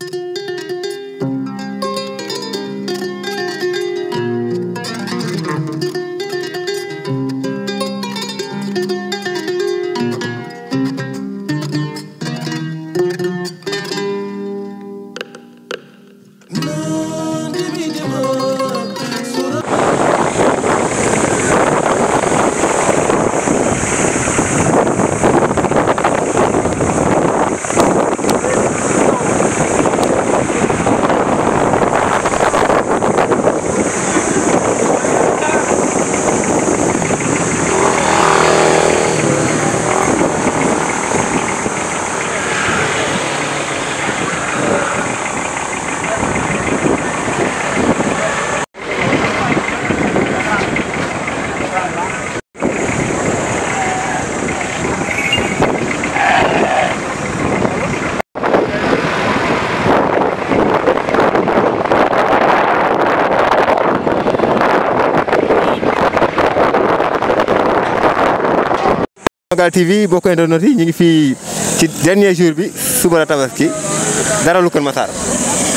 Thank you. Sénégal TV bokk internet yi ñi ngi fii ci dernier jour bi suba la tabaski dara lu ko ma sar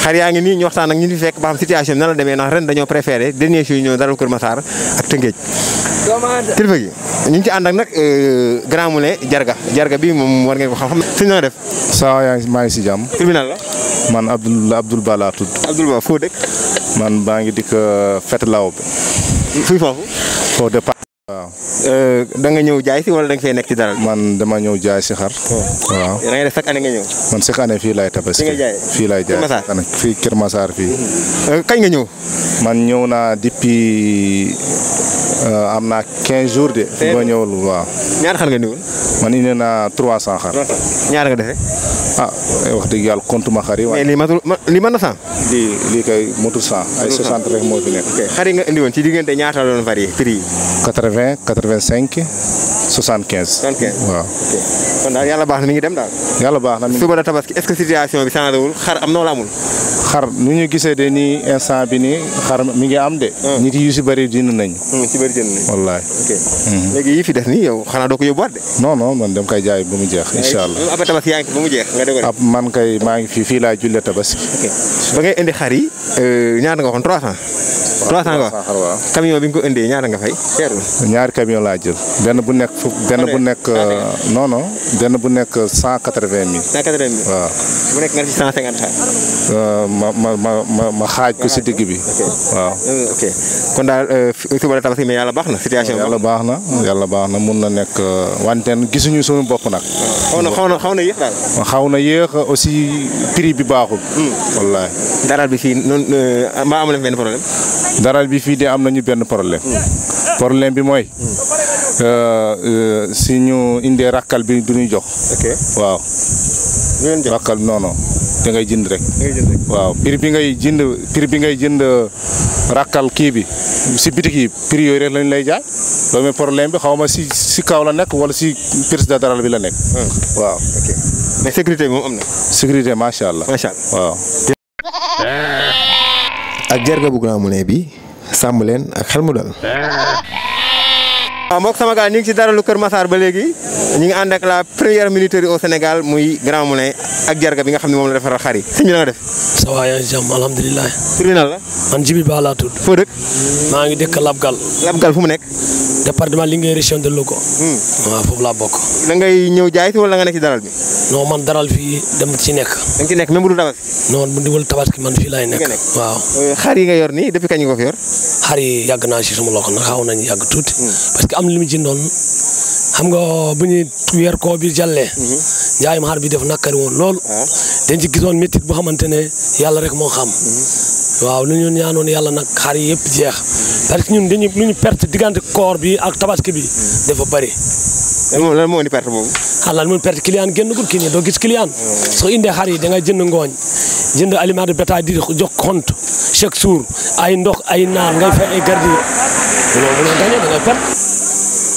xar yaangi ni ñu waxtaan ak ñu fekk ba am situation na la démé ndax ren dañoo préférer dernier jour ñoo dara lu ko ma sar ak Tëngéej kilifa gi ñu ci and ak nag euh, Grand Moulin Jarga Jarga bi mom war ngeen ko xam-xam suñ na def sa yaangi ngi maa ngi si jàmm tribunal la man abdul Abdoul Ba laa tudd Abdoul Ba foo dëkk man fete ngi euh, bi Fete fofu fo de waaw eh, da nga ñëw jaay si wala da nga fay nekk ci dara man dama ñëw jaay si xar oh. waaw da ngay def chaque année nga ñëw man chaque année fii laay tabaski fii laay jaay fii Kër Massar fii eh, kañ nga ñëw man ñëw naa depuis eh, am naa 15 jours de ba ñëwul waaw ñaar xar nga ñëwul man indi naa 300 xar ñaar nga defee ah wax dëgg yàlla compte ma xar yi waaye lii matul lii mën na cent lii lii kay motul cent ay 60 rek moo fi nekk xar yi nga indi woon ci diggante ñaata la doon varié prix yi 80 85 75. 75 waaw. ok kon daal yàlla baax na mi ngi dem daal. yàlla baax na mu ngi suba la tabaski est-ce que situation bi changé wul xar am na mu amul. gisee de nii instant bi nii xar mi ngi am de. Ah. nit yu si bëri jënd nañu. Hmm, si bëri jënd nañu. wallaay. ok hmm. léegi fi des nii yow xanaa doo ko yóbbuwaat de. no non man dem koy jaay ba mu jeex. incha allah ab tabaski yaa ngi fi ba mu jeex ab man kay maa ngi fi fii laa jullee tabaski. ba ngay indi xar yi euh, ñaata nga waxoon 300. trois cent waaw camion bi nga ko indee ñaar nga fay ñaari camion laa jël benn bu nekk fukk benn bu nekk euh, non non benn bu nekk cent quatre-vingt mille cent quatre waaw euh, ma ma ma ma ma xaaj ko si digg bi waaw euh, kon daal suba la tabaski mais yàlla baax na situation yàlla baax na yàlla baax na mun na nekk wanteen gisuñu suñu bopp nag xaw na xaw na xaw na yéex aussi prix bi baaxul hmm. wallaay dara bi fii noonu maa benn problème daral bi fi de am nañu benn problème problème bi mooy euh, euh, si ñu indé rakal bi duñu jox ok waaw rakal non non da ngay jënd rek waaw prix bi ngay jënd prix bi ngay jënd euh, rakal ki bi ci bitik yi prix yoy rek lañ lay jaay do mooy problème bi xawma ci si kaw la nek wala si da daral bi la nek hmm. waaw mais sécurité mo amna sécurité machallah allah allah waaw ak jarga bu Grand Moulin bi sàmm leen ak xel mu dal. waaw mbokk sama gaal ñu ngi ci lu Kër masaar ba léegi ñu ngi ànd ak la première militaire au Sénégal muy Grand Moulin ak jarga bi nga xam ne moom la defaral xar yi sëñ bi def. ça va yaa ngi jàmm bi nan la. man Jibi Ba foo dëkk. maa ngi dëkk Labgal. Labgal fu mu nekk. département Linguère région de Louga. Hmm. waaw foofu laa bokk. na ngay ñëw jaay fi wala nga nekk ci daral bi. non man daral fii dem ci nekk. da nga ci nekk même bu dul tabaski. non bu dul tabaski man fii laay nekk. waaw. Euh, xar yi nga yor nii depuis kañ ko yor. yàgg naa si suma loxo nag xaw nañu yàgg tuuti. Hmm. parce que mu ci xam nga bu ñuy weer koo bi jàllee. Hmm. njaayum xar bi def nakari woon lool. Ah. dañ ci gisoon métit bu xamante ne yàlla rek moo xam. waaw lu ñu ñaanoon yàlla nag xar yi yëpp jeex. parce que ñun dañuy lu ñu perte diggante koor bi ak tabaski bi dafa bëri. lan moo indi perte boobu. ah lan moo indi perte client génnagul kii nii doo gis client. soo indee xar yi dangay jënd ngooñ jënd aliment de bétail di jox compte chaque jour ay ndox ay naar ngay fay ay gardi loolu bu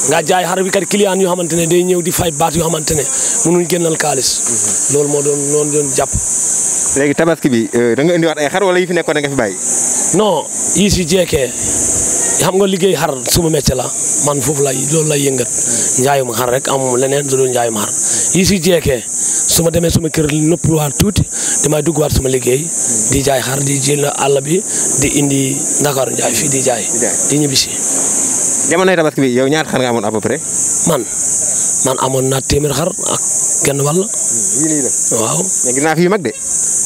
nga jaay xar bi kat client yoo xamante ne day ñëw di fay baat yoo xamante ne mënuñ génnal kaalis. Mhm. loolu moo doon noonu doon jàpp. léegi tabaski bi euh, da nga indiwaat ay xar wala yi fi nekkoon da nga fi bàyyi. non yi si jeekee xam nga liggéey xar suma métier la man foofu lay loolu lay yëngat njaayum xar rek am leneen lu dul njaayum xar yi si jeekee su demee suma kër noppaluwaat tuuti damay duggaat suma liggéey di jaay xar di jël àll bi di indi Ndakaaru njaay fii di jaay. di ñibbisi. jamonoy tabaski bi yow ñaata xar nga amoon man. man amoon naa téeméer xar ak kenn wàll. waaw. mais gis mag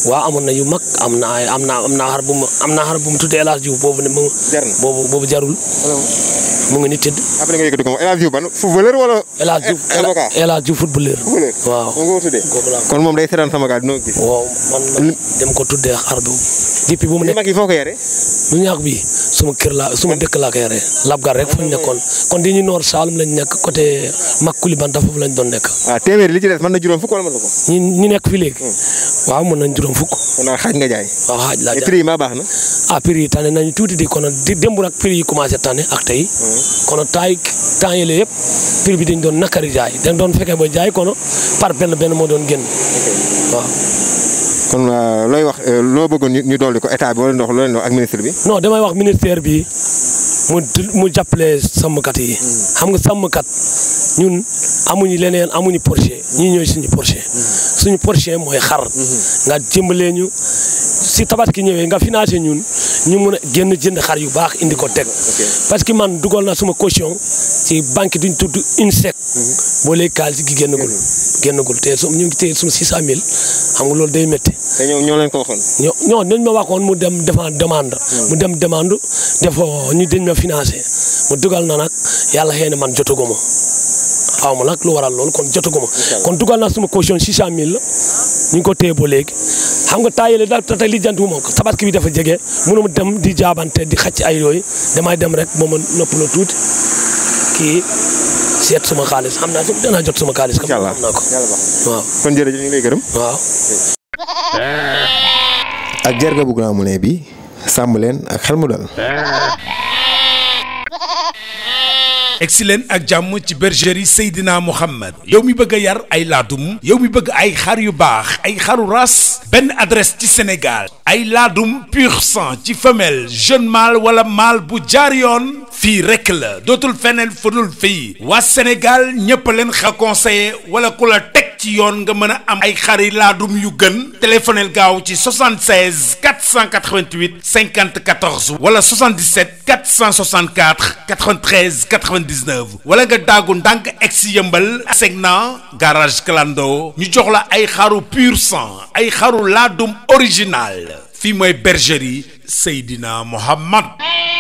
waaw amoon na yu mag am naa am naa am xar bu mu am naa xar bu mu tuddee El Hadj Diouf boobu ne boobu jarul. Mungkin itu. Apa yang kau nga yëkkati ko El Hadj Diouf wala. Elaju, Hadj Diouf footballer. Wow. Diouf footballeur. footballeur waaw moom nga ko sama gaal dina Wow. man dem ko tuddee xar bi. depuis bu mu nekk mag yi foo ko bi suma kër laa suma dëkk laa ko yaree. Labgar rek kon. kon di ñu salam Saalum lañ nekk côté Makuli Banta foofu lañ doon nekk. waaw ah, téeméer li ci des mën na juróom fukk wala mën na ko. ñi ñi nekk fii léegi. Hmm. waaw mën nañ juróom fukk. kon nag xaaj nga jaay. waaw xaaj laa ah prix yi tane nañu di kon di démb nag prix yi commencé kono taay temps yële yëpp prix bi dañ doon nakari jaay dañ doon fekkee ba jaay kono par benn benn moo doon génn waaw. kon euh, looy wax euh, loo bëggoon ñu dolli ko état bi wala ndox loo leen ak ministre bi. non damay wax ministère bi mu mu jàppale sàmmkat yi. Hmm. xam nga sàmmkat ñun amuñu leneen amuñu projet ñi ñooy suñu projet. Hmm. suñu projet mooy xar. Hmm. nga jëmbalee ñu si tabaski ñëwee nga financé ñun. ñu mën génn jënd xar yu baax indi ko teg. parce que man dugal na suma caution ci banque duñ tudd INSEC. Mhm. boo léegi xaalis gi génnagul. génnagul te ñu ngi téye suma 600000 xam nga loolu day métti. ñoo leen ko ñoo ñoo dañ ma waxoon mu dem defaan demande. Hmm. mu dem demande defoo ñu dañ ma financé mu dugal na nag yàlla xëy na man jotaguma xaw ma nag lu waral loolu kon jotaguma. kon dugal naa suma caution 600000 la ñu ngi ko téye ba léegi. xam nga taayale daal te li jant moom sabat ki bi dafa jege mënuma dem di jaabante di xacc ay yooyu damay dem rek ba ma noppaloo tuuti kii seet suma xaalis xam naa danaa jot suma xaalis. incha allah naa ko waaw. kon jërëjëf ñu ngi lay gërëm. waaw. ak bu Grand bi sàmm leen ak xel mu dal. egsi ak jàmm ci bergerie Seydina Mohamed yow mi bëgg yar ay laadum yow mi bëgg ay xar yu baax ay xaru ras ben adresse ci Sénégal ay laadum pur sang ci femelle jeune mâle wala mâle bu jaar yoon fii rek la dootul feneen fudul fii waa Sénégal ñëpp leen xa conseiller wala ku la ci yoon nga mën a am ay xari laadum yu gën téléphonel gaaw ci 76 488 50 14 wala 77 464 93 99 wala nga daagu ndànk egsi yëmbal segna garage clando ñu jox la ay xaru pur sang ay xaru laadum original fii mooy bergerie Seydina Mohamed.